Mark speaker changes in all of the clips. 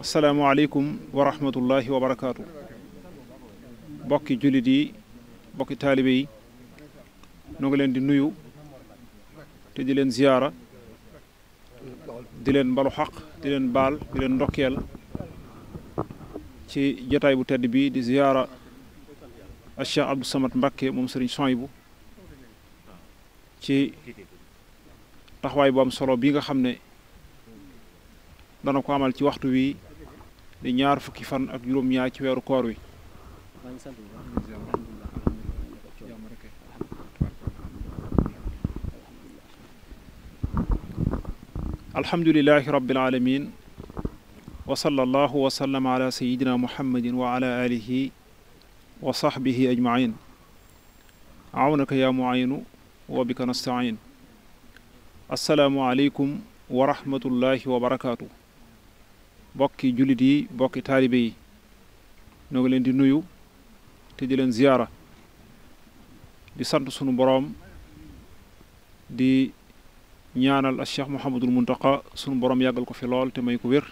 Speaker 1: asalaamualeykum wa rahmatullahi wa bokki jullit yi bokki taalibe yi nu ngi leen di nuyu te di leen ziyaara di leen mbalu xaq di leen baal di leen ndokkeel ci jotaay bu tedd bi di ziyaara a Cheikh Abdou Samad Mbakke moom sëriñ Sohaybu ci taxawaay bu am solo bii nga xam ne dana ko amal ci waxtu wi di ñaar fukki fan ak juróom-ñaar ci weeru koor wi alhamdulilahi rabbil alamin wa sallallahu wa sallama ala sayidina muhammadin wa ala alihi wa sahbihi ajmain awnaka yaa muayinu wa bika nastain assalaamu aleykum wa rahmatullahi wa barakaatu bokki jullit yi bokki taalibe yi ñoo ngi leen di nuyu te di leen ziyaara di sant sunu boroom di ñaanal a cheikh Mouhamadul Muntaqa sunu boroom yàggal ko fi lool te may ko wér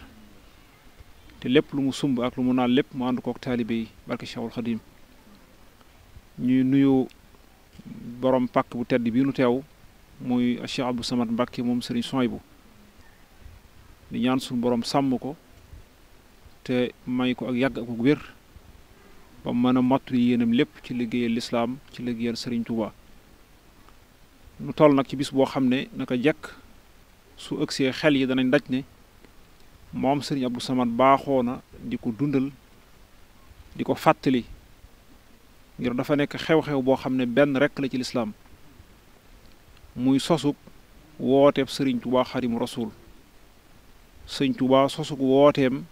Speaker 1: te lépp lu mu sumb ak lu mu naan lépp mu ànd kook taalibe yi barke Cheikhul Xadim ñuy nuyu boroom pàkk bu tedd bii nu teew muy a cheikh Abdou Samad Mbàkke moom sëriñ Soy bu di ñaan sunu boroom sàmm ko te may ko ak yàgg ak wér ba mën a mottu yéenam lépp ci liggéeyal lislaam ci liggéeyal sëriñ Touba nu toll nag ci bis boo xam ne naka jekk su ëgsee xel yi danañ daj ne moom sëriñ Abdou Samad baaxoo na di ko dundal di ko fàttali ngir dafa nekk xew-xew boo xam ne benn rekk la ci lislaam muy sosug wooteeb sëriñ Touba xarimu rasul sëriñ Touba sosug wooteem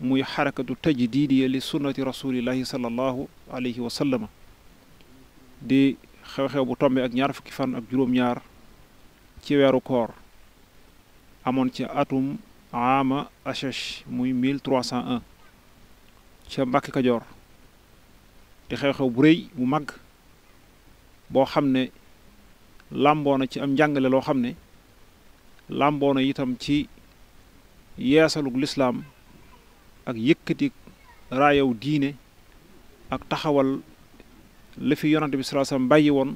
Speaker 1: muy tëj xarakatu tajdiidiya li sunnati rasulillahi sallallahu alayhi wa sallama di xew-xew bu tombe ak ñaar fukki fan ak juróom-ñaar ci weeru koor amoon ci atum ama achesh muy 1301 ca Mbàkke Kajoor di xew-xew bu rëy bu mag boo xam ne làmboona ci am njàngale loo xam ne làmboona itam ci yeesalug lislaam ak yëkkati raayaw diine ak taxawal la fi yonante bi sallallahu alayhi bàyyi woon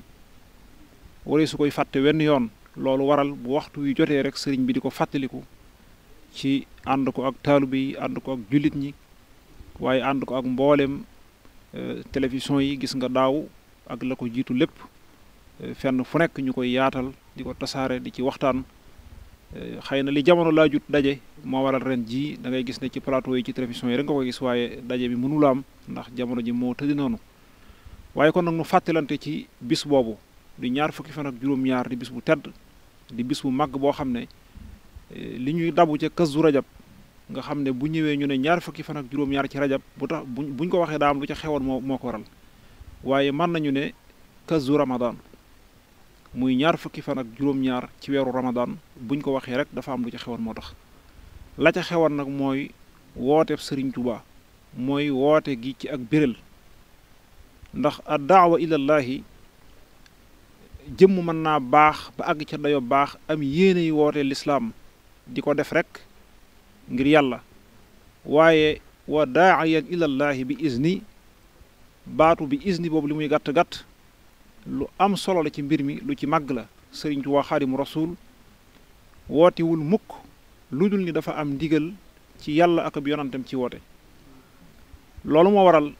Speaker 1: waree su koy fàtte wenn yoon loolu waral bu waxtu wi jotee rek sëriñ bi di ko fàttaliku ci ànd ko ak taalibe yi ànd ko ak jullit ñi waaye ànd ko ak mboolem euh, télévision yi gis nga daaw ak la ko jiitu lépp euh, fenn fu nekk ñu koy yaatal di ko tasaare di ci waxtaan Eh, xëy na li jamono laajut daje moo waral ren jii da ngay gis ne ci plateau yi ci télévision yi rek nga ko gis waaye daje bi mënula am ndax jamono ji moo tëddi noonu waaye kon nag nu fàttelante ci bis boobu di ñaar fukki fan ak juróom-ñaar di bis bu tedd di bis bu màgg boo xam ne eh, li ñuy dabu ca kazu rajab nga xam ne bu ñëwee ñu ne ñaar fukki fan ak juróom-ñaar ci rajab bu tax buñ ko waxee daa am lu ca xewoon moo moo ko waral waaye mën nañu ne kazu ramadan muy ñaar fukki fan ak juróom-ñaar ci weeru Ramadan buñ ko waxee rek dafa am lu ca xewoon moo tax la ca xewoon nag mooy woote sëriñ Tuubaa mooy woote gi ci ak bérél ndax ad daawa ilallaahi jëmm mën naa baax ba àgg ca dayo baax am yéene yi woote lislaam di ko def rekk ngir yàlla waaye wa daaiyan ilallaahi bi izni baatu bi izni boobu li muy gàtt-gàtt lu am solo la ci mbir mi lu ci màgg la sëriñ Tuubaa Xaadimu Rasuul wootewul mukk lu dul ni dafa am ndigal ci yàlla ak yonantam ci woote loolu moo waral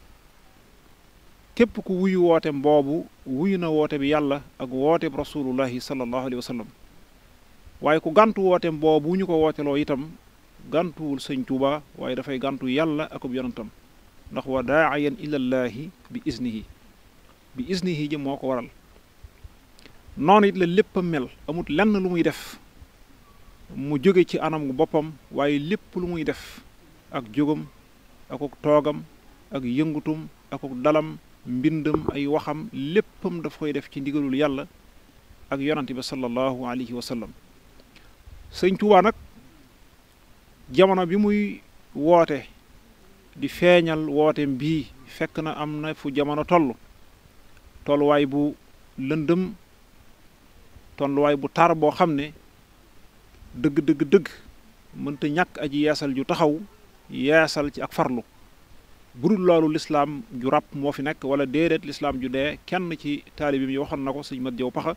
Speaker 1: képp ku wuyu wootem boobu wuyu na woote bi yàlla ak wooteeb rasulullahi sallallahu alayhi wa sallam waaye ku gàntu wootem boobu ñu ko wooteloo itam gàntuwul sëñ Tuubaa waaye dafay gàntu yàlla ak yonantam ndax wa daa'iyan ilallaahi bi iznihi bi isnihi ji moo ko waral noonu it la lépp a mel amut lenn lu muy def mu jóge ci anam boppam waaye lépp lu muy def ak jógam akuk toogam ak yëngutum akuk dalam mbindam ay waxam léppam daf koy def ci ndigalul yàlla ak yonante bi sallallahu alayhi wa sallam sëñ Tuubaa nag jamono bi muy woote di feeñal woote mbii fekk na am na fu jamono toll tolluwaay bu lëndëm tolluwaay bu tar boo xam ne dëgg dëgg dëgg mënta ñàkk aji yeesal ju taxaw yeesal ci ak farlu budul loolu lislaam ju ràpp moo fi nekk wala déedéet lislaam ju dee kenn ci taalibim yi waxoon na ko sëñ mat jow paxa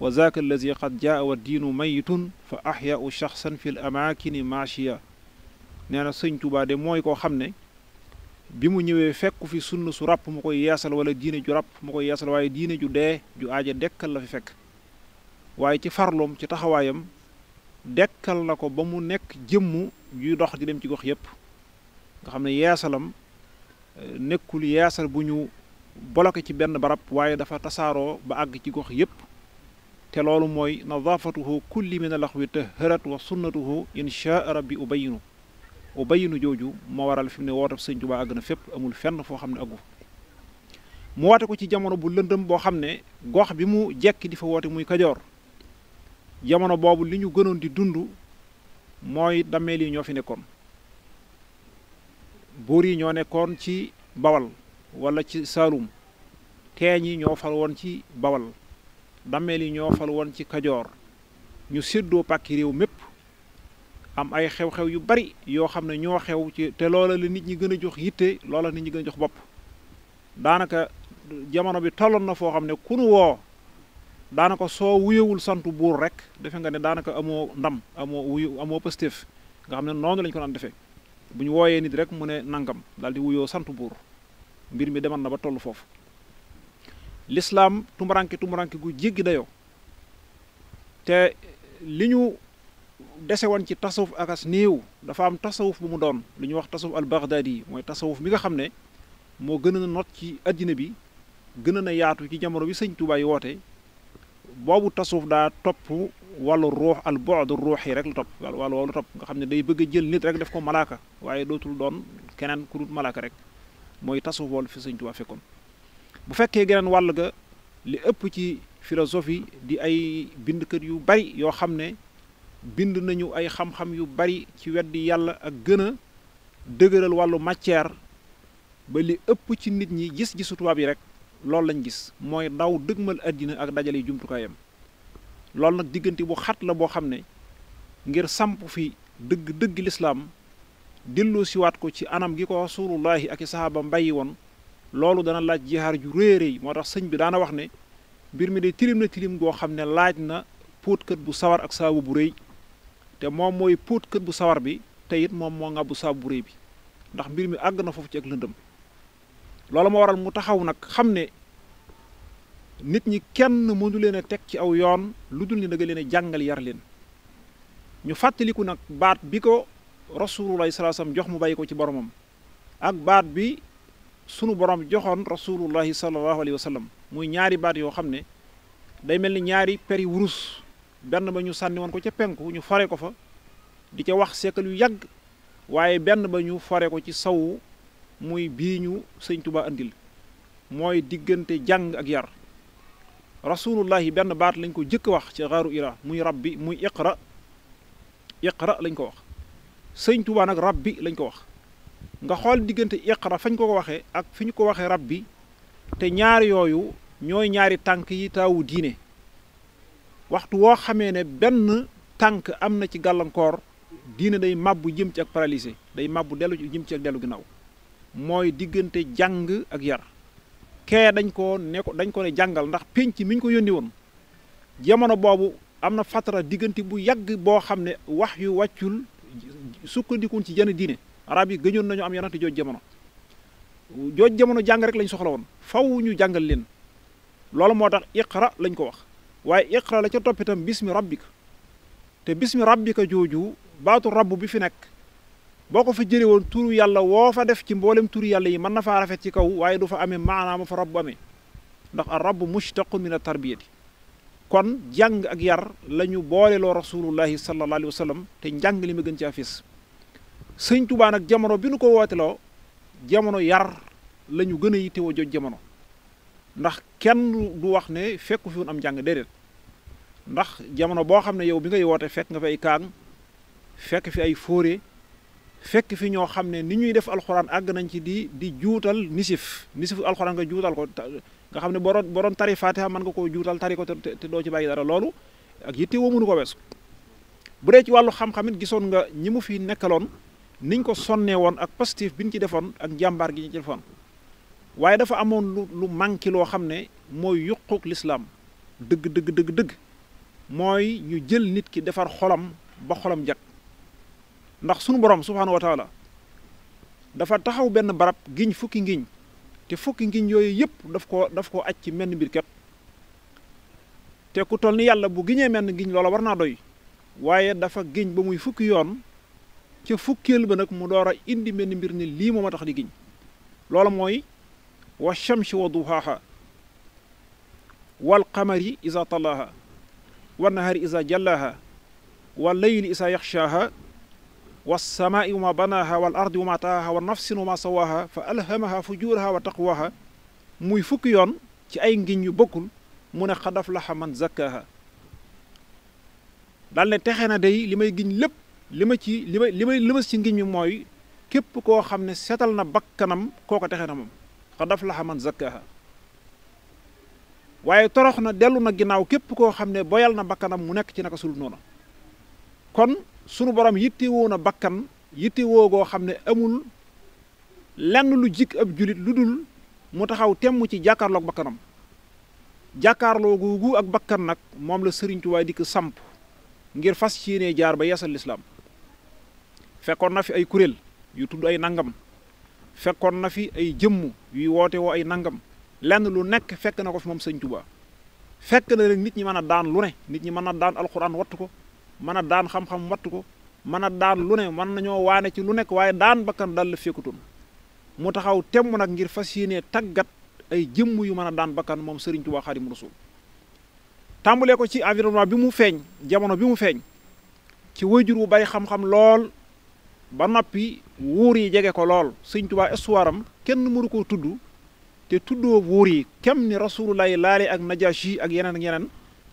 Speaker 1: wa zaaka allazi qad jaa wa diinu mayitun fa axyaau shaxsan fi l amaakini maashiya nee na sëñ tubaade mooy koo xam ne bi mu ñëwee fekku fi sunna su ràpp mu ko yeesal wala diine ju ràpp mu ko yeesal waaye diine ju dee ju aaja dekkal la fi fekk waaye ci farloom ci taxawaayam dekkal na ko ba mu nekk jëmm juy dox di dem ci gox yépp nga xam ne yeesalam euh, nekkul yeesal bu ñu bloqué ci benn barab waaye dafa tasaaroo ba àgg ci gox yépp te loolu mooy nadaafatuhu kulli min alaxwi tahërat wa sunnatuhu inshaa rabbi ubayinu o bayinu jooju moo waral fi mu ne woote sëñ Tuubaa àgg na fépp amul fenn foo xam ne àggu mu woote ko ci jamono bu lëndëm boo xam ne gox bi mu jekki di fa woote muy kajoor jamono boobu li ñu gënoon di dund mooy dammeel yi ñoo fi nekkoon buur yi ñoo nekkoon ci bawal wala ci saalum teeñ yi ñoo fal woon ci bawal dammeel yi ñoo fal woon ci kajoor ñu séddoo pàkki réew mépp am ay xew-xew yu bari yoo xam ne ñoo xew ci te loola la nit ñi gën a jox yitte loola nit ñi gën a jox bopp daanaka jamono bi tolloon na foo xam ne ku nu woo daanaka soo wuyewul sant buur rek defe nga ne daanaka amoo ndam amoo wuyu amoo positif nga xam ne noonu lañ ko daan defee bu ñu wooyee nit rek mu ne nangam daal di wuyoo sant buur mbir mi demal na ba toll foofu lislaam tumuranke tumuranke gu jéggi dayoo te li ñu dese woon ci tasawuf ak as néew dafa am tasawuf bu mu doon lu ñuy wax tasawuf al baghdadi yi mooy tasawuf bi nga xam ne moo gën na not ci àddina bi gën a na yaatu ci jamono bi sëñ Tuubaa yi woote boobu tasawuf daa topp wàllu ruux al bu'd ruux yi rek la topp wàllu wàllu topp nga xam ne day bëgg jël nit rek def ko malaaka waaye dootul doon keneen ku dul malaaka rek mooy tasawuf wàllu fi sëñ Tuubaa fekkoon bu fekkee geneen wàll ga li ëpp ci philosophie di ay bindkat yu bari yoo xam ne bind nañu ay xam-xam yu bari ci weddi yàlla ak gën a dëgëral wàllu matière ba li ëpp ci nit ñi gis-gisu tubaab yi rek loolu lañ gis mooy daw dëgmal àddina ak dajale jumtukaayam loolu nag diggante bu xat la boo xam ne ngir samp fi dëgg dëgg lislaam dellu siwaat ko ci anam gi ko rasulullahi ak i sahaaba mbayi woon loolu dana laaj jihaar ju réeréy moo tax sëñ bi daana wax ne mbir mi de tilim na tilim goo xam ne laaj na póotkat bu sawar ak saabu bu rëy te moom mooy póot kët bu sawar bi te it moom moo ngàbbu saabu bu bi ndax mbir mi àgg na foofu ci ak lëndëm loolu moo waral mu taxaw nag xam ne nit ñi kenn mënu leen a teg ci aw yoon lu dul ni da leen jàngal yar leen ñu fàttaliku nag baat bi ko rasulullah sallallahu alayhi wasallam jox mu bàyyi ko ci boromam ak baat bi sunu borom joxoon rasulullah sallallahu alayhi wasallam muy ñaari baat yoo xam ne day mel ni ñaari peri wurus benn ba ñu sànniwoon ko ca penku ñu fore ko fa di ca wax seekal yu yàgg waaye benn ba ñu fore ko ci sawu muy bii ñu sëñ Tuubaa andil mooy diggante jàng ak yar rasulullahi benn baat lañ ko jëkk wax ci xaaru ira muy rabbi muy iqra iqra lañ ko wax sëñ Tuubaa nag rabbi lañ ko wax nga xool diggante iqra fañ ko ko waxee ak fi ñu ko waxee rabbi te ñaar yooyu ñooy ñaari tànk yi taawu diine waxtu woo xamee ne benn tànk am na ci gàllankoor diine day mabbu jëm ci ak paralysé day màbbu dellu jëm ci ak dellu ginnaaw mooy diggante jàng ak yar kee dañ ko ne dañ ko ne jàngal ndax pénc mi ñu ko yónni woon jamono boobu am na fatara diggante bu yàgg boo xam ne wax yu wàccul sukkandikuun ci jenn diine arab yi gëñoon nañu am yonante jooj jamono jooj jamono jàng rek lañ soxla woon faw ñu jàngal leen loolu moo tax iqra lañ ko wax waaye iqra la ca toppitam bismi rabbika te bismi rabbika jooju baatu rabb bi fi nekk boo ko fa jëlee woon turu yàlla woo fa def ci mboolem turu yàlla yi mën na faa rafet ci kaw waaye du fa amee maanaam fa rabb amee ndax ar rabb mushtaqun min at tarbiyati kon jàng ak yar la ñu boole loo rasulullahi sallallahu alayhi wa sallam te njàng li ma gën ci afis sëñ Tuubaa nag jamono bi nu ko wooteloo jamono yar la ñu gën a yittewoo joj jamono ndax kenn du wax ne fekk fi woon am njàng déedéet ndax jamono boo xam ne yow bi ngay woote fekk nga fi ay kaang fekk fi ay fóore fekk fi ñoo xam ne ni ñuy def alxuraan àgg nañ ci di di juutal nisif nisif alxuraan nga juutal ko nga xam ne boroon boroon tari faatiha mën nga koo juutal tari ko te doo ci bàyyi dara loolu ak yitte woo mënu ko weesu bu dee ci wàllu xam-xam gisoon nga ñi mu fi nekkaloon niñ ko sonnee woon ak positif bi ñu ci defoon ak njàmbaar gi ñu ci defoon waaye dafa amoon lu lu manqué loo xam ne mooy yuquk lislaam dëgg dëgg dëgg mooy ñu jël nit ki defar xolam ba xolam jag ndax sunu borom subhaanahu wa dafa taxaw benn barab giñ fukki ngiñ te fukki ngiñ yooyu yëpp daf ko daf koo aj ci menn mbir képp te ku toll ni yàlla bu giñee menn ngiñ loola war naa doy waaye dafa giñ ba muy fukki yoon ca fukkeel ba nag mu door a indi menn mbir ni lii moo ma tax di giñ loola mooy wa shamsi wa duhaaha wal qamari isa talaaha wa nahaari isa jallaaha wa layli isa yaxshaaha wa samaai wa banaaha wal ardi wa ma wa nafsin wa sawaaha fa alhamaha fujuuraha wa taqwaaha muy fukki yoon ci ay ngiñ yu bokkul mu ne xadaf laxa man zakkaaha daal ne texe na day li may giñ lépp li ma ci li may li may ci ngiñ mi mooy képp koo xam ne seetal na bakkanam kooko texe na moom qad aflaha man zakkaha waaye torox na dellu na ginnaaw képp koo xam ne boyal na bakkanam mu nekk ci naka sul noona kon sunu borom yittewoo na bakkan yittewoo goo xam ne amul lenn lu jik ab julit lu dul mu taxaw temm ci jàkkaarloog bakkanam jàkkaarloo ak bakkan nag moom la Sëriñ Tuubaa dikk samp ngir fas yéenee jaar ba yeesal lislaam fekkoon na fi ay kuréel yu tudd ay nangam fekkoon na fi ay jëmm yuy woote woo ay nangam lenn lu nekk fekk na ko fi moom sëñ Tuubaa fekk na rek nit ñi mën a daan lu ne nit ñi mën a daan alxuraan wattu ko mën a daan xam-xam wattu ko mën a daan lu ne mën nañoo waane ci lu nekk waaye daan bakkan dal la fekkutoon mu taxaw temm nag ngir fas yéenee tàggat ay jëmm yu mën a daan bakkan moom sëriñ Tuubaa Xaadimu Rasuul tàmbalee ko ci environnement bi mu feeñ jamono bi mu feeñ ci wayjur wu bari xam lool ba noppi wuur yi jege ko lool sëñ tubaa histoire kenn mënu koo tudd te tuddoo wuur yi kem ni rasulullahi laale ak najashi ak yeneen ak yeneen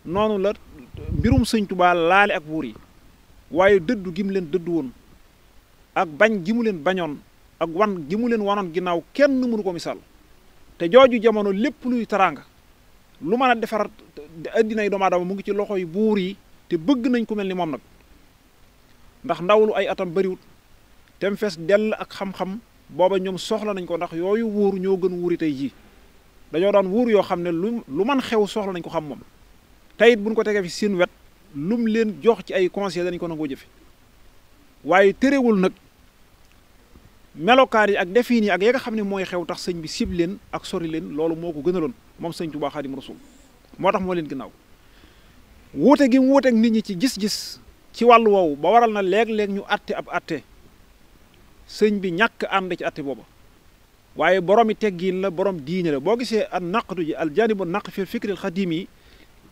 Speaker 1: noonu la mbirum sëñ tubaa laale ak wuur yi waaye dëddu gi mu leen dëdd woon ak bañ gi mu leen bañoon ak wan gi mu leen wanoon ginnaaw kenn mënu ko misaal te jooju jamono lépp luy taraanga lu mën a defar addinay doomu aadama mu ngi ci loxo yi buur yi te bëgg nañ ku mel ni moom nag ndax ndaw lu ay atam bariwut tem fees dell ak xam-xam booba ñoom soxla nañ ko ndax yooyu wóor ñoo gën wóori tey jii dañoo daan wóor yoo xam ne lu lu man xew soxla nañ ko xam moom tey it buñ ko tegee fi seen wet lum leen jox ci ay conseil dañ ko nangoo jëfe waaye tërewul nag melokaan yi ak defin yi ak ya nga xam ne mooy xew tax sëñ bi sib leen ak sori leen loolu moo ko gënaloon moom sëñ Tuubaa Xaadimu Rasuul moo tax moo leen ginnaaw wuute gi mu wuuteeg nit ñi ci gis-gis ci wàllu woowu ba waral na léeg-léeg ñu àtte ab àtte sëñ bi ñàkk ànd ci atte booba waaye boromi teggiin la borom diine la boo gisee al naqdu ji al janibu naq fi fikril xadim yi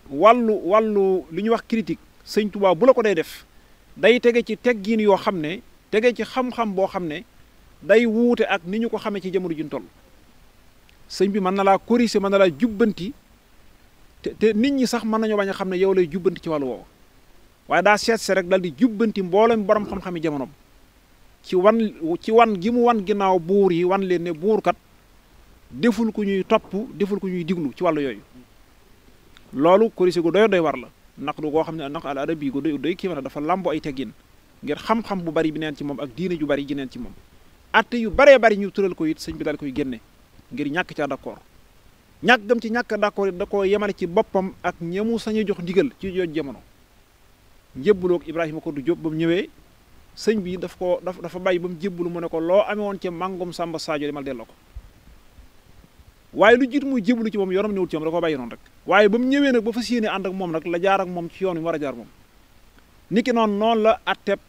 Speaker 1: wallu wàllu li ñuy wax critique sëñ Tuubaa bu la ko day def day tege ci teggiin yoo xam ne tege ci xam-xam boo xam ne day wuute ak ni ñu ko xamee ci jamono juñ toll sëñ bi mën na laa corriger mën na laa jubbanti te te nit ñi sax mën nañoo bañ a xam ne yow lay jubbanti ci wàllu woowu waaye daa seet si rek dal di jubbanti mboolem borom xam-xami jamonoom ci wan ci wan gi mu wan ginnaaw buur yi wan leen ne buurkat deful ku ñuy topp deful ku ñuy diglu ci wàllu yooyu loolu korisi gu doy doy war la naqdu goo xam ne naq al arabi gu doy doy kii war dafa làmbo ay teggin ngir xam-xam bu bari bi neen ci moom ak diine ju bari ji neen ci moom até yu baree bari ñu tural ko it sëñ bi daal koy génne ngir ñàkk ca d'accord ñàkk gam ci ñàkk d'accord it da koo yemale ci boppam ak ñemu sañu jox ndigal ci jooju jamono njëbbaloog Ibrahima ko du Jóob ba mu ñëwee sëñ bi daf ko daf dafa bàyyi ba mu jébbalu mu ne ko loo amee woon ci màngum Samba Sadio demal delloo ko waaye lu jiit muy jébbalu ci moom yoonam newut ci moom da ko bàyyi noonu rek waaye ba mu ñëwee nag ba fa yéene ànd ak moom nag la jaar ak moom ci yoon a jaar moom niki noonu la atteb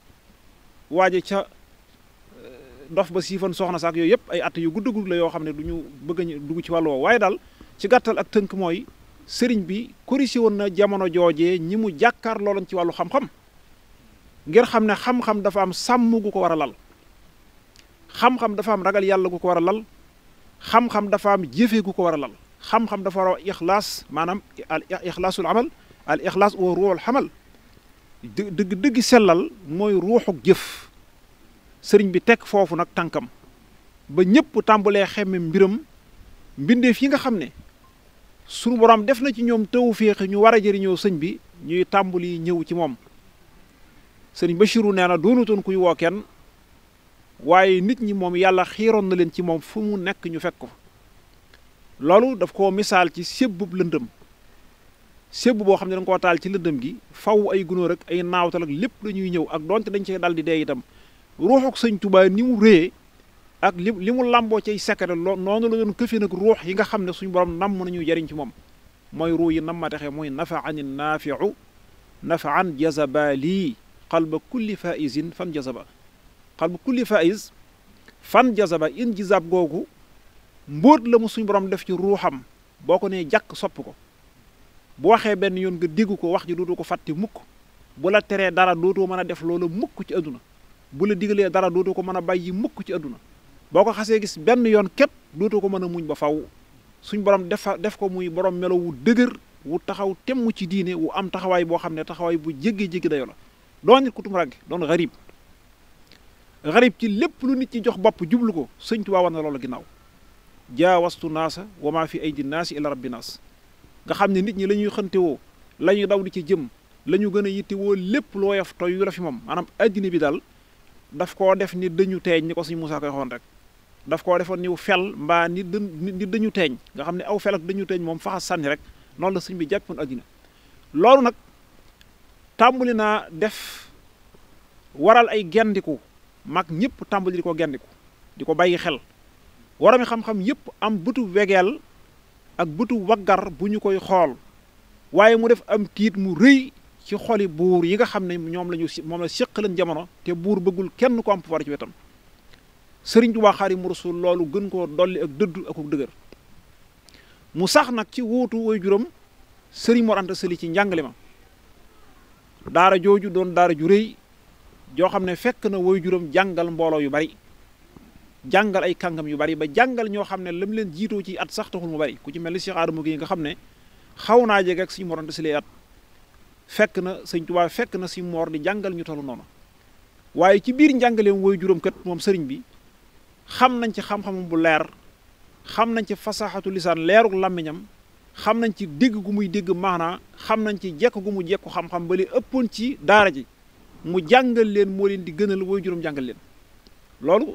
Speaker 1: waaje ca eh, dof ba siifan soxna saak yooyu yëpp ay att yu gudd gudd la yoo xam ne du ñu bëgg a dugg ci wàllu woowu waaye daal ci gàttal ak tënk mooy sëriñ bi corrigé woon na jamono joojee ñi mu jàkkaar loolan ci wàllu xam ngir xam ne xam-xam dafa am sàmm gu ko war a lal xam-xam dafa am ragal yàlla gu ko war a lal xam-xam dafa am jëfe gu ko war a lal xam-xam dafa war a maanaam al ixlaasul amal al ixlaas wa ruuxul xamal dëgg dëgg sellal mooy ruuxuk jëf sëriñ bi teg foofu nag tànkam ba ñëpp tàmbalee xemme mbiram mbindeef yi nga xam ne sunu borom def na ci ñoom tawféex ñu war a jariñoo sëñ bi ñuy tàmbali ñëw ci moom sëriñ Bachiru nee na doonutoon kuy woo kenn waaye nit ñi moom yàlla xiiroon na leen ci moom fu mu nekk ñu fekk ko loolu daf koo misaal ci sébbub lëndëm sébb boo xam ne dañ koo taal ci lëndëm gi faw ay gunóor ak ay naawtal ak lépp lañuy ñëw ak donte dañ cee dal di dee itam ruuxuk sëñ tubaay ni mu réyee ak li li mu làmboo cay sekare loo noonu la doon këfin ak ruux yi nga xam ne suñu borom nam nañuy jariñ ci moom mooy ruu yi nam ma mooy nafa an jazabali qalba kulli faisin fan jazaba qalba kulli fais fan jazaba in jizab googu mbóot la mu suñ borom def ci ruuxam boo ko nee jàkk sopp ko bu waxee benn yoon nga dégg ko wax ji dootu ko fàtte mukk bu la teree dara dootoo mën a def loolu mukk ci àdduna bu la digalee dara dootu ko mën a bàyyi mukk ci àdduna boo ko xasee gis benn yoon képp dootu ko mën a muñ ba faw suñ borom def def ko muy borom melo wu dëgër wu taxaw temm ci diine wu am taxawaay boo xam ne taxawaay bu jéggi jéggi dayo la doon nit ku tumuranke doon xarib xarib ci lépp lu nit ci jox bopp jublu ko sëñ Tuubaa war na loolu ginnaaw jaawastu naasa wa maa fi aydi naasi ila rabbi naas nga xam ne nit ñi la ñuy xantewoo la ñuy daw di ci jëm la ñu gën a yittewoo lépp lu woyof toy yu la fi moom maanaam addina bi daal daf koo def ni dëñu teeñ ni ko suñ Moussa koy waxoon rek daf koo defoon niw fel mbaa ni dë ni dëñu teeñ nga xam ne aw fel ak dëñu teeñ moom faxa sànni rek noonu la sëñ bi jàppoon addina loolu nag tàmbali naa def waral ay gendiku mag ñëpp tàmbali di ko gendiku di ko bàyyi xel warami xam-xam yëpp am bëtu wegeel ak bëtu waggar bu ñu koy xool waaye mu def am tiit mu rëy ci xoli buur yi nga xam ne ñoom lañu ñu moom la séqalan jamono te buur bëggul kenn ko am pouvoir ci wetam sëriñ Tuubaa mu Rasuul loolu gën koo dolli ak dëdd ak dëgër mu sax nag ci wuutu way juróom sëriñ Mor Anta Sali ci njàngale ma daara jooju doon daara ju réy joo xam ne fekk na woy juróom jàngal mbooloo yu bari jàngal ay kàngam yu bari ba jàngal ñoo xam ne lam leen jiitoo ci at sax taxul mu bari ku ci mel ni Cheikh Adama Gueye nga xam ne xaw naa jege ak suñu moronte si lay at fekk na sëñ Tuubaa fekk na si moor di jàngal ñu tollu noonu waaye ci biir njàngaleem woy juróom kat moom sëriñ bi xam nañ ci xam-xamam bu leer xam nañ ci fasaxatu lisaan leeruk làmmiñam xam nañ ci dégg gu muy dégg maanaa xam nañ ci jekk gu mu jekku xam-xam ba li ëppoon ci daara ji mu jàngal leen moo leen di gënal woy juróom jàngal leen loolu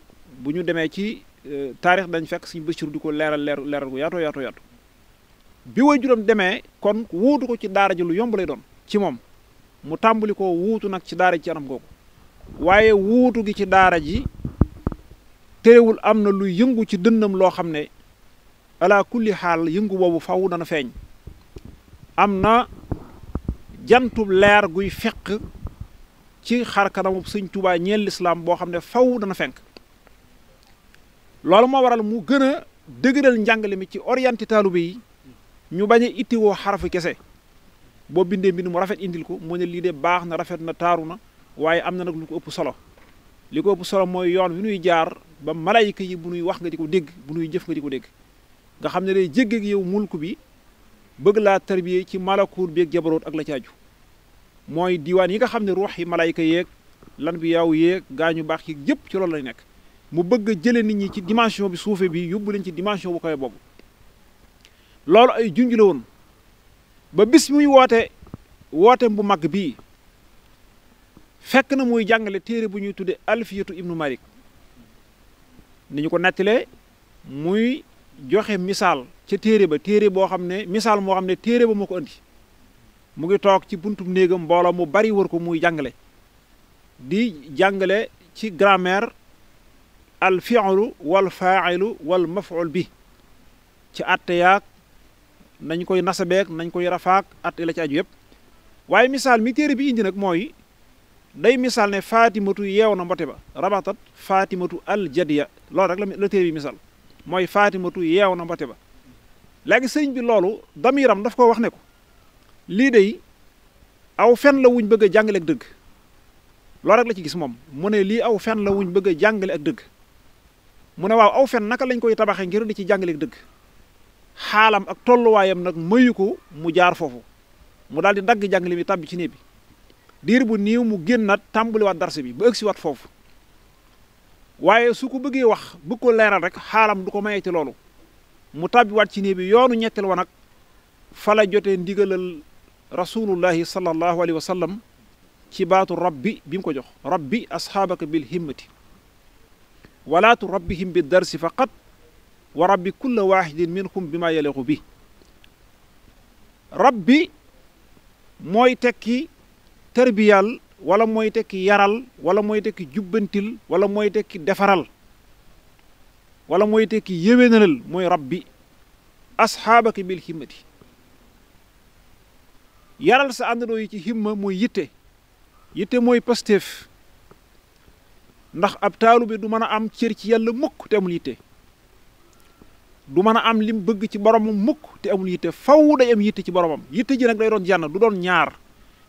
Speaker 1: bu ñu demee ci euh, taarix dañ fekk suñu Basiru di ko leeral leer leeral gu yaatoo yaatoo yaatu bi woy juróom demee kon wuutu ko ci daara ji lu yomb lay doon ci moom mu tàmbali ko wuutu nag ci daara ji ci anam googu waaye wuutu gi ci daara ji terewul am na lu yëngu ci dënnam loo xam ne ala kulli xaal yëngu boobu faw dana feeñ am na jantub leer guy feq ci xar kanamu sëñ Tuubaa ñeel lislaam boo xam ne faw dana fenk loolu moo waral mu gën a dëgëral njàngale mi ci orienté taalibe yi ñu bañ a ittiwoo xarafu kese boo bindee mbind mu rafet indil ko mu ne lii de baax na rafet na taaru na waaye am na nag lu ko ëpp solo li ko ëpp solo mooy yoon wi nuy jaar ba malayka yi bu nuy wax nga di ko dégg bu nuy jëf nga di ko dégg nga xam ne day jéggi yow mulku bi bëgg laa tarbiye ci malakuur bi ak jabaroot ak la caaju mooy diwaan yi nga xam ne ruux yi malayka yeeg lan bi yaaw yeeg gaañu baax yi yëpp ci loolu lay nekk mu bëgg a jële nit ñi ci dimension bi suufee bi yóbbu leen ci dimension bu koy boobu loolu ay junj ba bis muy woote wooteem bu mag bi fekk na muy jàngale téere bu ñuy tuddee alfiyatu ibnu malik ni ñu ko nettalee muy joxe misaal ca téere ba téere boo xam ne misaal moo xam ne téere ba moo ko andi mu ngi toog ci buntu néegam mbooloo mu bari war ko muy jàngale di jàngale ci grammaire al fi'lu wal fa'ilu wal maf'ul bi ci àtte yaag nañ koy nasabeek nañ koy rafaak àtte la ci aju yëpp waaye misaal mi téere bi indi nag mooy day misaal ne faatimatu yeew na mbote ba rabatat faatimatu al jadiya loolu rek la la téere bi misaal mooy faatimatu yeew na mbote ba léegi sëriñ bi loolu damiram daf ko wax ne ko lii de aw fen la wuñ bëgg a jàngale ak dëgg loolu rek la ci gis moom mu ne lii aw fen la wuñ bëgg a jàngale ak dëgg mu ne waaw aw fen naka lañ koy tabaxee ngir di ci jàngale ak dëgg xaalam ak tolluwaayam nag mayu ko mu jaar foofu mu daal di dagg jàngale mi tàbbi ci néeg bi diir bu niiw mu génnaat tàmbaliwaat darse bi ba ëgsiwaat foofu waaye su ko bëggee wax bëgg ko leeral rek xaalam du ko mayee ci loolu mu tàbbiwaat ci nii bi yoonu ñetteel wa nag fa la jotee ndigalal rasulullahi sallallahu alayhi wa ci baatu rabbi bi mu ko jox rabbi asxaabaka bil himmati walaatu rabbihim bi darsi faqat wa rabbi kulla waxidin minhum bi maa yaliqu bi rabbi mooy tekki tarbiyal wala mooy tekki yaral wala mooy tekki jubbantil wala mooy tekki defaral walla mooy tekki yéwénalal mooy rabbi asxaabaki bil himmati yaral sa àndandoo yi ci himma mooy yitte yitte mooy pasteef ndax ab taalu bi du mën a am cër ci yàlla mukk te amul yitte du man a am lim bëgg ci boromam mukk te amul yitte faw day am yitte ci boromam yitte ji nag day doon jànn du doon ñaar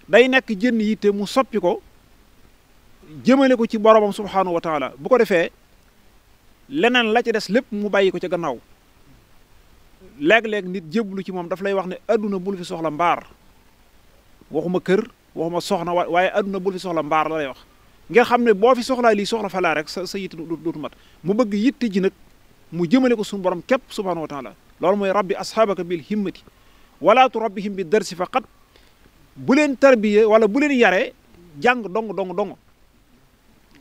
Speaker 1: day nekk jën yi mu soppi ko jëmale ko ci boromam subhaanahu wa taala bu ko defee leneen la ci des lépp mu bàyyi ko ca gannaaw léeg-léeg nit jëbblu ci moom daf lay wax ne adduna bul fi soxla mbaar waxuma kër waxuma soxna waaye adduna bul fi soxla mbaar la lay wax ngeen xam ne boo fi soxlaa lii soxla falaa rek sa sa du dootu mat mu bëgg yitte ji nag mu jëmale ko suñu borom képp subhaanahu wa taala loolu mooy rabbi ashaabaka bil himmati walaatu rabbihim bi darsi faqat bu leen tarbiye wala bu leen yaree jàng dong dong dong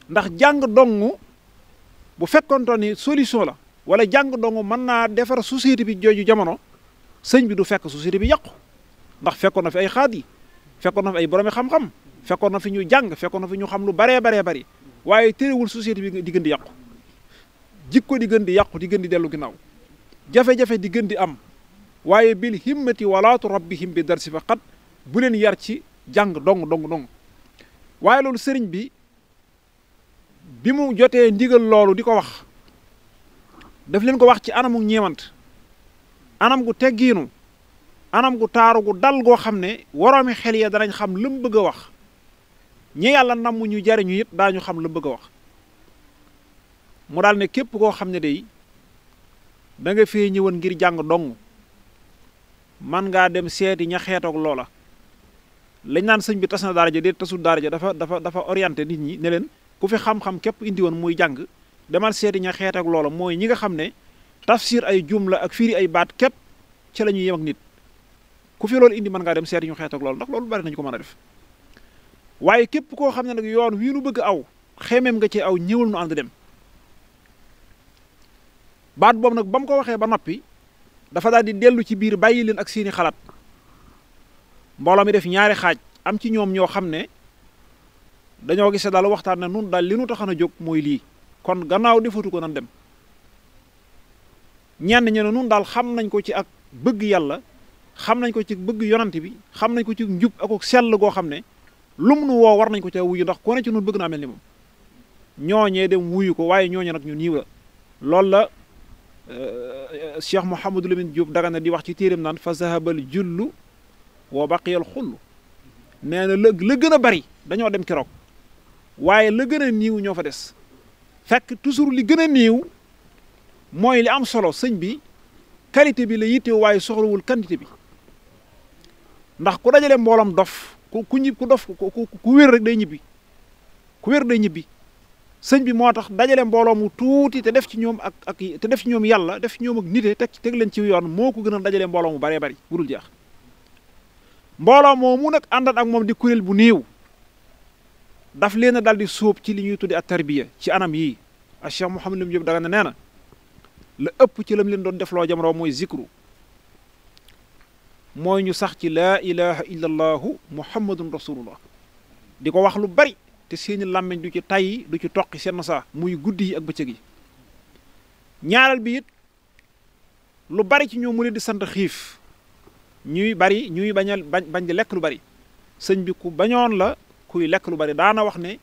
Speaker 1: ndax jàng dong bu fekkontoon ni solution la wala jàng dong mën naa defar société bi jooju jamono sëñ bi du fekk société bi yàqu ndax fekkoon na fi ay xaat yi fekkoon na fi ay boromi xam-xam fekkoon na fi ñu jàng fekkoon na fi ñu xam lu baree baree bari waaye téerewul société bi di gën di yàqu jikko di gën di yàqu di gën di dellu ginnaaw jafe-jafe di gën di am waaye bil himmati walaatu rabbihim bi darsi fa xat bu leen yar ci jàng dong dong dong waaye loolu sëriñ bi bi mu jotee ndigal loolu di ko wax daf leen ko wax ci anamu ñeewant anam gu teggiinu anam gu taaru gu dal goo xam ne waroomi xel ya danañ xam lu mu bëgg a wax ñi yàlla namm ñu jariñu it daañu xam la mu bëgg wax mu daal ne képp koo xam ne day danga nga fee ñëwoon ngir jàng dong man ngaa dem seeti ña xeetoog loola lañ naan sëñ bi tas na daara ja dee tasul daara dafa dafa dafa orienté nit ñi ne leen ku fi xam-xam képp indi woon muy jàng demal seeti ña xeet ak loola mooy ñi nga xam ne tafsir ay jumla ak firi ay baat képp ci lañuy ñuy nit ku fi loolu indi mën ngaa dem seeti ñu xeet ak loolu ndax loolu bari nañu ko mën a def waaye képp koo xam ne nag yoon wii nu bëgg aw xemeem nga ci aw ñëwal nu ànd dem baat boobu nag ba mu ko waxee ba noppi dafa daal di dellu ci biir bàyyi leen ak seeni xalaat mbooloo mi def ñaari xaaj am ci ñoom ñoo xam ne dañoo gise daal waxtaan ne nun daal li nu taxan a jóg mooy lii kon gannaaw defatu ko nan dem ñenn ñe ne nun daal xam nañ ko ci ak bëgg yàlla xam nañ ko ci bëgg yonante bi xam nañ ko ci njub ak sell goo xam ne lum nu woo war nañ ko ca wuyu ndax ku ne ci nun bëgg naa mel ni moom ñooñee dem wuyu ko waaye ñooñe nag ñu niiw la loolu la euh, Cheikh Mouhamadou Lamine Diop na di wax ci téeram naan fa zahabal jullu wa baqiyal xull nee na lëg la gën a bari dañoo dem keroog waaye la gën a niiw ñoo fa des fekk toujours li gën a niiw mooy li am solo sëñ bi qualité bi la yittewoo waaye soxlawul quantité bi ndax ku dajale mboolam dof ku ku ñib ku dof ku ku wér rek day ñibbi ku wér day ñibbi sëñ bi moo tax dajale mbooloo mu tuuti te def ci ñoom ak ak te def ci ñoom yàlla def ci ñoom ak nite teg teg leen ci yoon moo ko gën a dajale mbooloo mu baree bari budul jeex. mbooloo moomu nag àndan ak moom di kuréel bu néew daf leen a dal di sóob ci li ñuy tudde ak tarbiya ci anam yi yii ak Cheikh Mouhamed Lamine Diop Dagana nee na la ëpp ci lam leen doon defloo jamono mooy zikru moo ñu sax ci laa ilaha illa allahu muhammadun rasulullah di ko wax lu bari te seeni làmmiñ du ci tayyi du ci toqi seen saa muy guddi yi ak bëccëg yi ñaareel bi it lu bari ci ñoom mu leen di sant xiif ñuy bari ñuy bañal bañ bañ di lekk lu bari sëñ bi ku bañoon la kuy lekk lu bari daana wax ne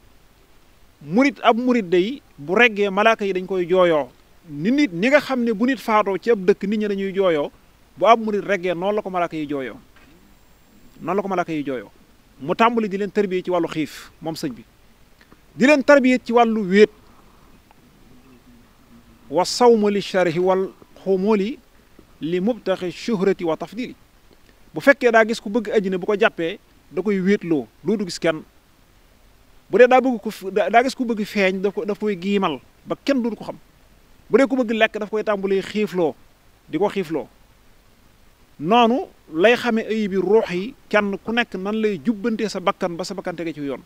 Speaker 1: murit ab murit day bu reggee malaaka yi dañ koy jooyoo ni nit ni nga xam ne bu nit faatoo ci ab dëkk nit ñi dañuy jooyoo bu ab murit reggee noonu la ko malaaka yi jooyoo noonu la ko malaaka yi jooyoo mu tàmbali di leen tarbiyee ci wàllu xiif moom sëñ bi di leen tarbiyee ci wàllu wéet wa sawma li sharhi wal xumuli li mubtaxi shuhrati wa tafdili bu fekkee daa gis ku bëgg àddina bu ko jàppee da koy wéetloo dootu gis kenn bu dee daa bëgg ko daa gis ku bëgg feeñ daf ko daf koy giimal ba kenn dootu ko xam bu dee ko bëgg lekk daf koy tàmbalee xiifloo di ko xiifloo noonu lay xame ayib bi ruux kenn ku nekk nan lay jubbantee sa bakkan ba sa bakkan tege ci yoon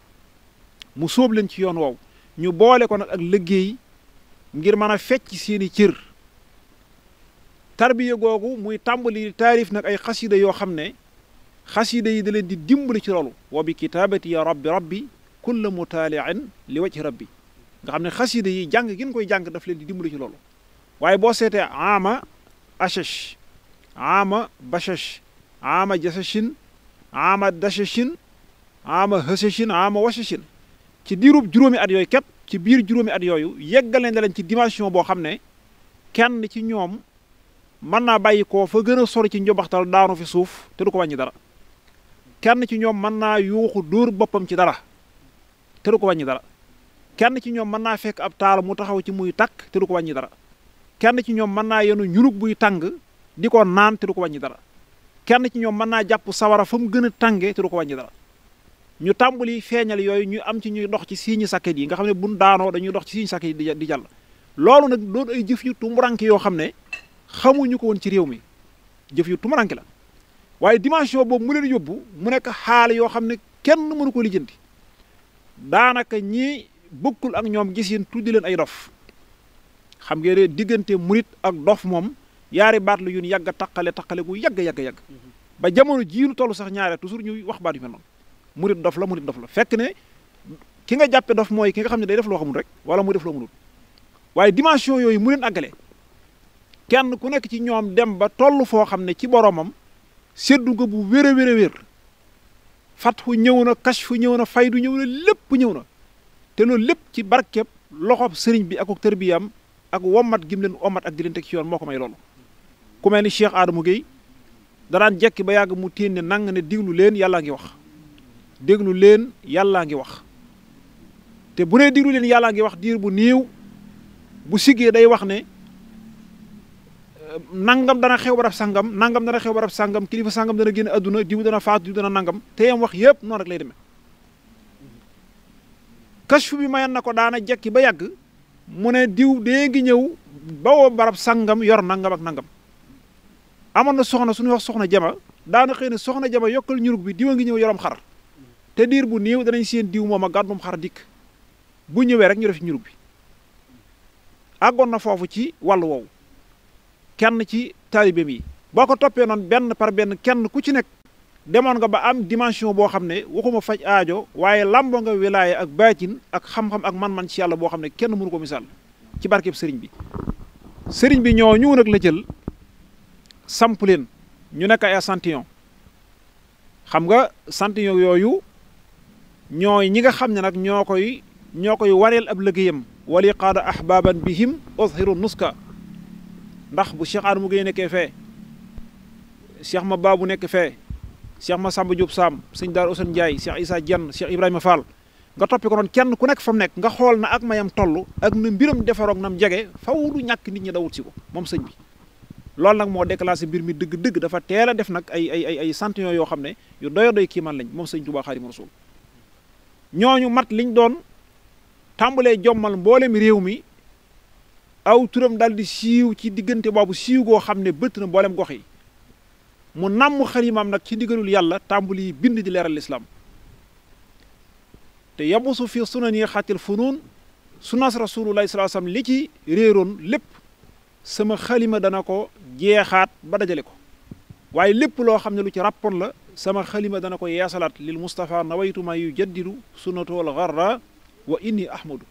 Speaker 1: mu sóob leen ci yoon woowu ñu boole ko nag ak liggéey ngir mën a fecc seeni cër tarbiya googu muy tàmbali taarif nag ay xasida yoo xam ne xasida yi da leen di dimbali ci loolu wa bi kitaabati ya rabbi rabbi kulla mutaaliin li wajhi rabbi nga xam ne xasida yi jàng gin koy jàng daf leen di dimbali ci loolu waaye boo seetee ama ashash ama bashash ama jasashin ama dashashin ama hësashin ama washashin ci diirub juróomi at yooyu képp ci biir juróomi at yooyu yeggal nañ leen ci dimension boo xam ne kenn ci ñoom mën naa bàyyi koo fa gën a sori ci njobaxtal daanu fi suuf te du ko wàññi dara kenn ci ñoom mën naa yuuxu dóor boppam ci dara te ko wàññi dara kenn ci ñoom mën naa fekk ab taal mu taxaw ci muy takk te du ko wàññi dara kenn ci ñoom mën naa yenu ñulug buy tàng di ko naan te du ko wàññi dara kenn ci ñoom mën naa jàpp sawara fa mu gën a tàngee te du ko wàññi dara ñu tàmbali feeñal yooyu ñuy am ci ñuy dox ci siiñu sakket yi nga xam ne buñ daanoo dañuy dox ci siiñi sakket yi di jàll loolu nag doon ay jëf yu tumburanke yoo xam ne xamuñu ko woon ci réew mi jëf yu tumaranke la waaye dimension boobu mu leen yóbbu mu nekk xaal yoo xam ne kenn mënu koo lijjanti daanaka ñi bokkul ak ñoom gis yéen tuddi leen ay dof xam ngeen ne diggante murit ak dof moom yaari baat la yun yàgg taqale taqale yàgg yàgg yàgg mm-hmm. ba jamono jii toll sax ñaare toujours ñuy wax baat yu mel noonu la murit dof la fekk ne ki nga jàppe dof mooy ki nga xam ne day def loo xamul rek wala muy def loo mënul waaye dimension yooyu mu leen àggale kenn ku nekk ci ñoom dem ba toll foo xam ne ci boromam séddu nga bu wér a wér a wér fatxu ñëw na kashfu ñëw na faydu ñëw na lépp ñëw na te loolu lépp ci barkeb loxob sëriñ bi ak ak tërbiyam ak womat gim leen womat ak di leen ci yoon moo ko may loolu ku mel ni Cheikh Adama Guèye danaan jekki ba yàgg mu téen ne nang ne déglu leen yàllaa ngi wax déglu leen yàllaa ngi wax te bu nee déglu leen yàllaa ngi wax diir bu néew bu siggee day wax ne nangam dana xew barab sangam nangam dana xew barab sangam kilifa sangam dana génn adduna diw dana faatu diw dana nangam te yam wax yëpp noonu rek lay demee kashfu bi mayan na ko daana jekki ba yàgg mu ne diw dee ngi ñëw bawoo barab sangam yor nangam ak nangam amoon na soxna su suñuy wax soxna jama daana xëy na soxna jama yokkal ñurug bi diwa ngi ñëw yorom xar te diir bu néew danañ seen diw moom ak gàtt moom xar dikk bu ñëwee rek ñu def ñurug bi àggoon na foofu ci wàllu wow kenn ci taalibeem yi boo ko toppee noonu benn par benn kenn ku ci nekk demoon nga ba am dimension boo xam ne waxuma faj aajo waaye làmboo nga wilaaya ak baatin ak xam-xam ak man-man ci yàlla boo xam ne kenn mënu ko misaal ci barkeb sëriñ bi sëriñ bi ñoo ñëw nag la jël samp leen ñu nekk ay échantillon xam nga échantillon yooyu ñooy ñi nga xam ne nag ñoo koy ñoo koy wareel ab liggéeyam wali qaada ahbaban bihim azhiru nuska ndax bu Cheikh Adama Gueye nekkee fee Cheikh ma baabu nekk fee Cheikh ma Samba Diop Sam sëñ Daar Ousseynou Ndiaye Cheikh Issa Dieng Cheikh Ibrahima Fall nga toppi ko noonu kenn ku nekk fa mu nekk nga xool na ak mayam toll ak na mbiram defaroog nam jege faw ñàkk nit ñi dawut si ko moom sëñ bi loolu nag moo déclassé mbir mi dëgg-dëgg dafa teel a def nag ay ay ay ay yoo xam ne yu doyo doy kiimaan lañ moom sëñ Tuubaa Xaadimu Rasuul ñu mat liñ doon tàmbalee jommal mboolem réew mi aw turam daal di siiw ci diggante boobu siiw goo xam ne bëtt na mboolem gox yi mu nàmm xalimaam nag ci ndigalul yàlla tàmbali bind di leeral lislaam te yamusu fi sunani xatil funuun sunas rasulullahi salaa sallam li ci réeroon lépp sama xalima dana ko jeexaat ba dajale ko waaye lépp loo xam ne lu ci rappoon la sama xalima dana ko yeesalaat lil mustafaa nawaytu ma yu jaddidu sunnatu al garra wa inni ahmadu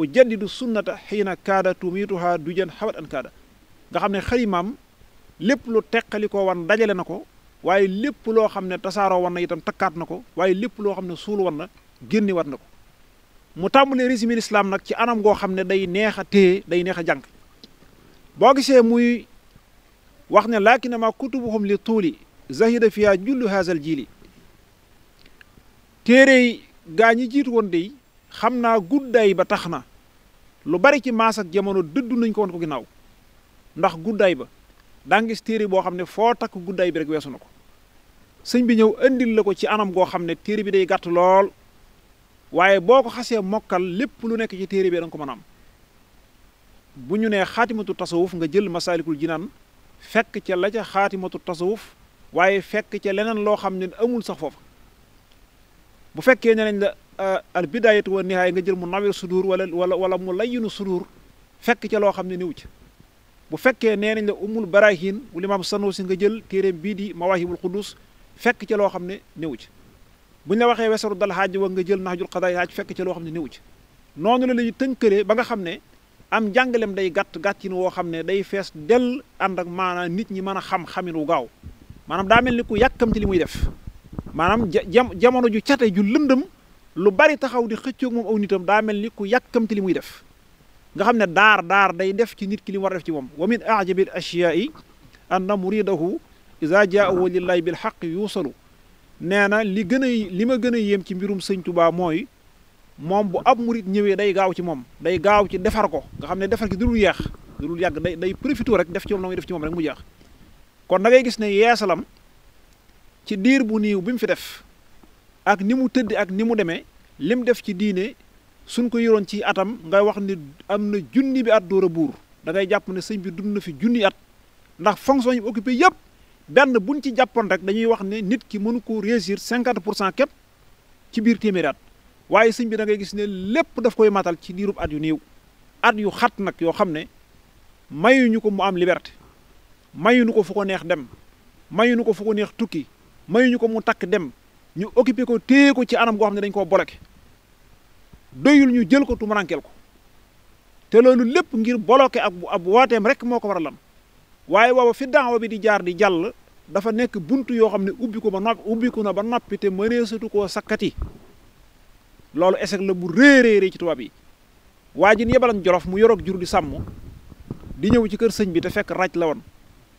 Speaker 1: wa jaddidu sunnata na kaada tumiituha du jën xabat an kaada nga xam ne xëlimaam lépp lu teqali ko wan dajale na ko waaye lépp loo xam ne tasaaroo wan na itam takkaat na ko waaye lépp loo xam ne suul wan na génne wat na ko mu tàmbalee résumé lislaam nag ci anam goo xam ne day neex a day neex a jàng boo gisee muy wax ne laakinama kutubuhum li tuuli zahida fiya jullu haasal jiili téere gaa ñi jiitu woon dey xam naa guddaay ba tax na lu bari ci maas ak jamono dëddu nañ ko woon ko ginnaaw ndax guddaay ba daa ngis téere boo xam ne foo takk guddaay bi rek weesu na ko sëñ bi ñëw indil la ko ci anam goo xam ne téere bi day gàtt lool waaye boo ko xasee mokkal lépp lu nekk ci téere bi da ko mën a am bu ñu nee xaatimatu tasawuf nga jël masaalikul jinaan fekk ca la ca xaatimatu tasawuf waaye fekk ca leneen loo xam ne amul sax foofa bu fekkee ne la Euh, al bidayat wa nihaaya nga jël mu nawir sudur wala wala wala mu layyinu sudur fekk ca loo xam ne niwu ci bu fekkee nee nañ la umul barahin bu limaam si nga jël téeréem bii di mawahibul qudus fekk ca loo xam ne niwu ci bu ñu la waxee wesaru dal xaaj wa nga jël naxjul xadaay xaaj fekk ca loo xam ne niwu ci noonu la lañu tënkalee ba nga xam ne am jàngalem day gàtt gàttin woo xam ne day fees del ànd ak maanaa nit ñi mën a xam xamin wu gaaw maanaam daa mel ni ku yàkkamti li muy def maanaam jamono ju cate ju lëndëm lu bari taxaw di xëccoog moom aw nitam daa mel ni ku yàkkamti li muy def nga xam ne daar daar day def ci nit ki li war a def ci moom wa min ajabi l ashyaa'i anna muridahu iza jaahu lillahi bil xaq yuusalu nee na li gën a li ma gën a yéem ci mbirum sëñ Tuubaa mooy moom bu ab murit ñëwee day gaaw ci moom day gaaw ci defar ko nga xam ne defar ki dudul yeex dudul yàgg day day profité rek def ci moom na muy def ci moom rek mu jeex kon da ngay gis ne yeesalam ci diir bu niiw bi mu fi def ak ni mu tëdd ak ni mu demee lim def ci diine suñ ko yoroon ci atam ngay wax ni am na junni bi at door a buur da ngay jàpp ne sëñ bi dund na fi junni at ndax fonction yi occupé yëpp benn buñ ci jàppoon rek dañuy wax ne nit ki mënu ko réesir cinquante pour cent képp ci biir téeméeri at waaye sëñ bi da ngay gis ne lépp daf koy matal ci diirub at yu néew at yu xat nag yoo xam ne mayuñu ko mu am liberté mayuñu ko fu ko neex dem mayuñu ko fu ko neex tukki mayuñu ko mu takk dem ñu occupé ko téye ko ci anam goo xam ne dañ koo bloqué doyul ñu jël ko tumurankeel ko te loolu lépp ngir bloqué ak ab waateem rek moo ko war a lam waaye booba fi daawa bi di jaar di jàll dafa nekk bunt yoo xam ne ubbi ko ba noppi ubbi ko na ba noppi te mëneesatu koo sakkati loolu échec la bu réeréeré ci tubaab yi waa ji yebalan jolof mu yoroog jur di sàmm di ñëw ci kër sëñ bi te fekk raj la woon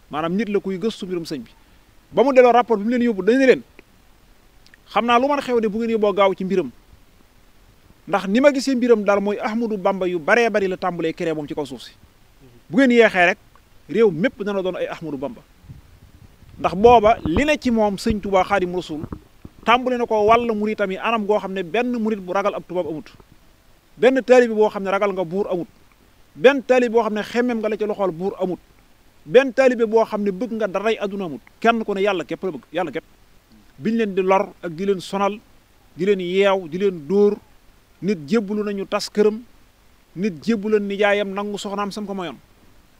Speaker 1: maanaam nit la kuy gëstu mbirum sëñ bi ba mu delloo rapport bi leen yóbbu dañ leen xam naa lu man xew de bu ngeen yóbboo gaaw ci mbiram ndax ni ma gisee mbiram daal mooy Ahmadou Bamba yu baree bari la tàmbalee crée moom ci kaw suuf si bu ngeen yeexee rek réew mépp dana doon ay Ahmadou Bamba ndax booba li ne ci moom sëñ Tuubaa Xaadim Rasuul tàmbale na ko wàll muritam yi anam goo xam ne benn murit bu ragal ab tubaab amut benn taalibi boo xam ne ragal nga buur amut benn taalibi boo xam ne xemmem nga la ci loxool buur amut benn taalibi boo xam ne bëgg nga daray adduna amut kenn ku ne yàlla képp la yàlla ñu leen di lor ak di leen sonal di leen yeew di leen dóor nit jébbalu nañu tas këram nit jébbalu na nijaayam nangu soxnaam sam ko mayoon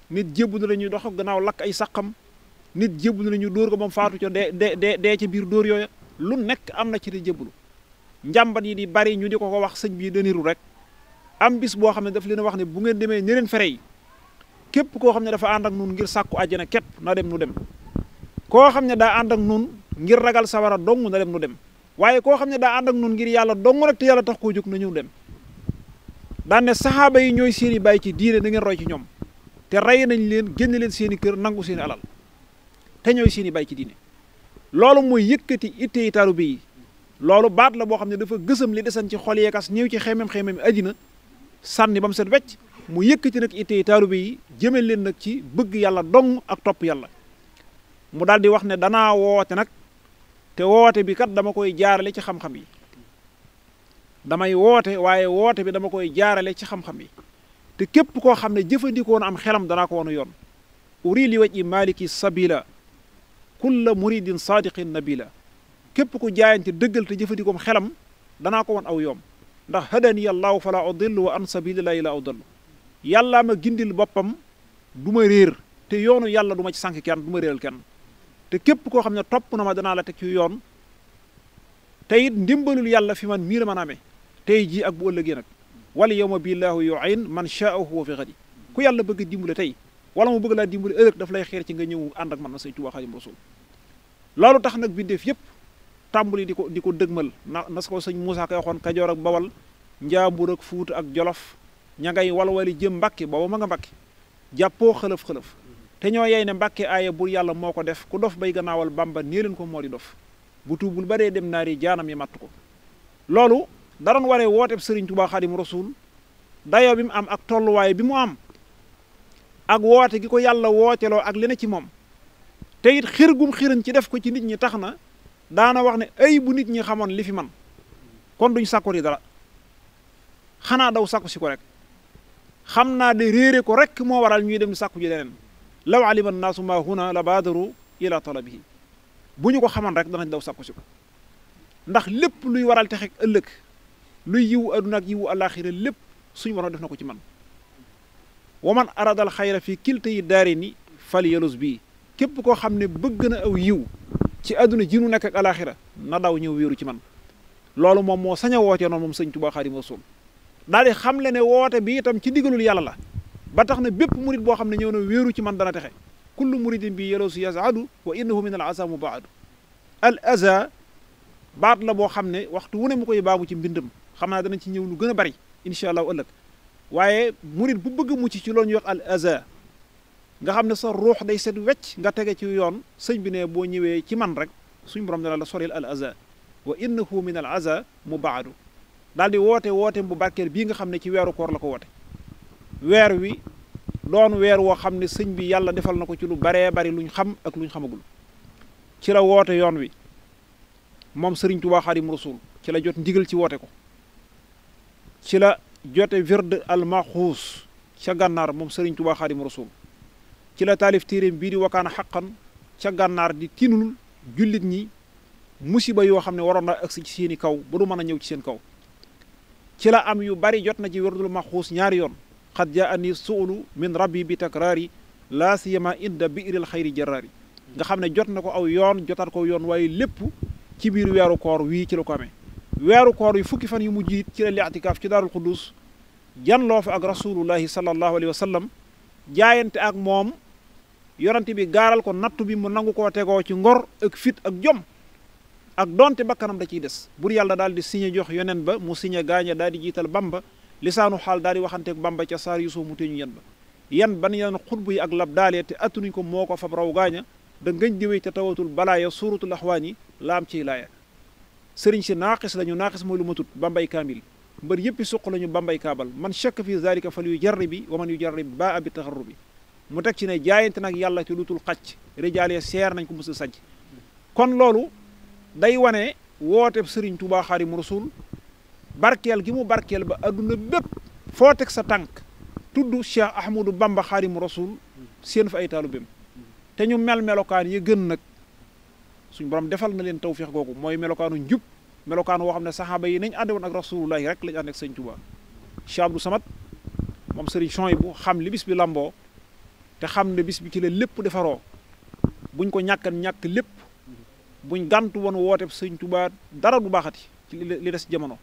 Speaker 1: nit jébbalu nañu dox gannaaw lakk ay saqam nit jébbalu nañu dóor ko ba mu faatu ca dee dee dee ca biir dóor yooyu lu nekk am na ci di jébbalu njàmbat yi di bari ñu di ko ko wax sëñ bii dëniru rek am bis boo xam ne daf leen wax ne bu ngeen demee ñeneen fere yi képp koo xam ne dafa ànd ak nun ngir sàkku àjjana képp na dem nu dem koo xam ne daa ànd ak ngir ragal sawara dong na dem nu dem waaye koo xam ne daa ànd ak nun ngir yàlla dong rek te yàlla tax koo jóg na dem daan saxaaba yi ñooy seen i bàyyi ci diine na roy ci ñoom te rey nañ leen génn leen seen i kër nangu seen i alal te ñooy seen i bàyyi ci diine loolu mooy yëkkati itte yi bi yi loolu baat la boo xam ne dafa gësam li desan ci xol yeekas ñëw ci xeemem-xeemem àddina sànni ba mu set wecc mu yëkkati nag itte yi yi jëme leen nag ci bëgg yàlla dong ak topp yàlla mu daal di wax ne danaa nag te woote bi kat dama koy jaarale ci xam-xam yi damay woote waaye woote bi dama koy jaarale ci xam-xam yi te képp koo xam ne jëfandikoo na am xelam danaa ko wanu yoon uri li waj i maliki sabila kulla muridin sadiqin nabila képp ku jaayante dëggal te jëfandikoom xelam danaa ko won aw yoom ndax hadani allahu fala udillu wa an sabilillahi la udillu yàllaa ma gindil boppam du ma réer te yoonu yàlla du ma ci sànk kenn du ma réeral kenn te képp koo xam ne topp na ma danaa la teg ci yoon te ndimbalul yàlla fi man mii la tey jii ak bu ëllëgee nag wala yow ma billaahu yu'in man sha'ahu wa fi ghadi ku yàlla bëgg dimbale tey wala mu bëgg laa dimbale ëllëg daf lay xeer ci nga ñëw ànd ak man na Sëñ Tuubaa Xaadimu Rasuul loolu tax nag bindeef yëpp tàmbali di ko di ko dëgmal na na ko sëñ Moussa Ka waxoon Kajoor ak Bawal Njaambur ak Fuuta ak Jolof ña ngay walwali jëm Mbàkke booba ma nga Mbàkke jàppoo xëlëf te ñoo yey ne mbàkke aaya bur yàlla moo ko def ku dof bay gannaawal bamba nee leen ko moo di dof bu tuubul baree dem naari jaanam yi matt ko loolu daroon waree wooteeb sëriñ tubaa xadim rasul dayoo bi mu am ak tolluwaay bi mu am ak woote gi ko yàlla wooteloo ak leneen ci moom te it xir gum xiran ci def ko ci nit ñi tax na daana wax ne ay bu nit ñi xamoon li fi man kon duñ sàkkuri dara xanaa daw sàkku si ko rek xam naa de réere ko rek moo waral ñuy dem di sàkku ji leneen law alima annaasu maa huna la baadaru ila talabihi bu ñu ko xaman rek danañ daw sàkku si ko ndax lépp luy waral texek ëllëg luy yiwu aduna ak yiwu alaxira lépp suñu waroon def na ko ci man wa man arada al xayra fi kilta yi daari ni fal yalus bii képp koo xam ne bëgg na aw yiw ci àdduna ji nu nekk ak alaxira na daw ñëw wéeru ci man loolu moom moo saña a wootee noonu moom sëñ Tuubaa Xaadimu daal xam le ne woote bi itam ci digalul yàlla la ba tax na bépp murit boo xam ne ñëw na wéeru ci man dana texe kullu muridin bi yeloo si yasaadu wa innahu min al asa mubaadu al aza baat la boo xam ne waxtu wu ne mu koy baamu ci mbindam xam danañ ci ñëw lu gën a bari incha allahu ëllëg waaye murit bu bëgg mucc ci loolu ñuy wax xam ne sa ruux day set wecc nga tege ci yoon sëñ bi ne boo ñëwee ci man rek suñ borom dana la soril al aza wa innahu min al aza mubaadu daal di woote wooteem bu barkeel bii nga xam ne ci weeru koor la ko woote weer wi doon weer woo xam ne sëñ bi yàlla defal na ko ci lu baree bari luñ xam ak luñ xamagul ci la woote yoon wi moom sëriñ Tuubaa Xaadimu Rasuul ci la jot ndigal ci woote ko ci la jote wird al maxuus ca gànnaar moom sëriñ Tuubaa Xaadimu Rasuul ci la taalif téeréem mbii di wakkaan xaqan ca gànnaar di tinul jullit ñi musiba yoo xam ne waroon na agsi ci seeni kaw ba du mën a ñëw ci seen kaw ci la am yu bari jot na ci ma maxuus ñaari yoon xad jaani suulu min rabbi bi takraari laa siyama inda biiril xayri jaraari nga xam ne jot na ko aw yoon jotaat ko yoon waaye lépp ci biir weeru koor wii ci la ko weeru koor yi fukki fan yu mujj it ci la li'tikaaf ci daarul quddus janloo fa ak rasulullahi sallallahu alayhi wa sallam jaayante ak moom yonante bi gaaral ko nattu bi mu nangu koo tegoo ci ngor ak fit ak jom ak donte bakkanam da ciy des bur yàlla daal di signé jox yoneen ba mu signé gaaña daal di jiital bamba lisaanu xaal daal di waxanteeg bamba ca saar yusuf mu teñu yan ba yan ban yan xutbu yi ak lab daalee te attunuñ ko moo ko fab raw gaaña da ngañ diwee ca tawatul balaaya suuratul axwaan yi laam ciy laaya sëriñ si naaqis lañu naaqis mooy lu matut bambay kaamil mbër yëppi suq lañu bambay kaabal man chakk fi zalika fal yu jarribi wa man yu jarrib baa abi taxarrubi mu teg ci ne jaayante nag yàlla ci lutul xacc rijaale seer nañ ko mos a sajj kon loolu day wane woote sëriñ Tuubaa Xaadimu Rasuul barkeel gi mu barkeel ba adduna bépp foo teg sa tànk tudd Cheikh Ahmadou Bamba Xaadimu rasul seen fa ay taalibeem te ñu mel melokaan yi gën nag suñ borom defal na leen taw feex googu mooy melokaanu njub melokaan woo xam ne saxaaba yi nañ àndewoon ak rasulullahi rek lañ ànd ak sëñ Tuubaa Cheikh Abdou moom sëriñ Chouaïb bu xam li bis bi lamboo te xam ne bis bi ci la lépp defaroo buñ ko ñàkkan ñàkk lépp buñ gàntu woon woote sëñ Tuubaa dara du baaxati ci li des jamono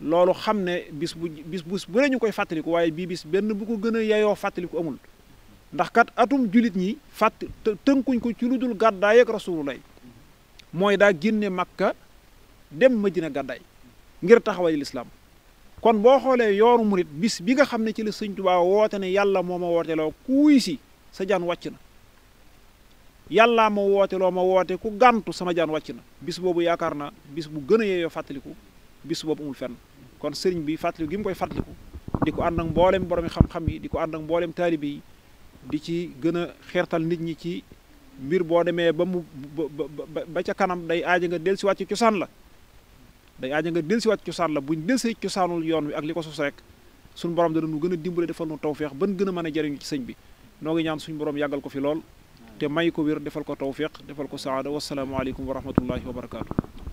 Speaker 1: loolu xam ne bis bu bis bu bu ñu koy fàttaliku waaye bii bis benn bu ko gën a yeyoo fàttaliku amul ndax kat atum julit ñi fàtt tënkuñ ko ci lu dul gàddaay ak rasulullah mooy daa génne makka dem ma madina gàddaay ngir taxawal lislaam kon boo xoolee yoonu murit bis bi nga xam ne ci la sëñ Tuubaa woote ne yàlla moo ma wooteloo kuuy si sa jaan wàcc na yàllaa ma loo ma woote ku gàntu sama jaan wàcc na bis boobu yaakaar na bis bu gën a yeeyoo fàttaliku bis boobu amul fenn kon sëriñ bi fàttali gi mu koy fàttaliku di ko ànd ak mbooleem borom xam-xam yi di ko ànd ak mbooleem taalibe yi di ci gën a xeertal nit ñi ci mbir boo demee ba mu ba ca kanam day aaja nga dell siwaat ci cosaan la day aaja nga del cosaan la buñ del si cosaanul yoon wi ak li ko sos rek suñu borom dana nu gën a dimbale defal nu tawféex ban gën a mën a jariñu ci sëñ bi noo ngi ñaan suñu borom yàggal ko fi lool te may ko wér defal ko tawféex defal ko saada wasalaamualeykum wa rahmatullahi wa barakaatu.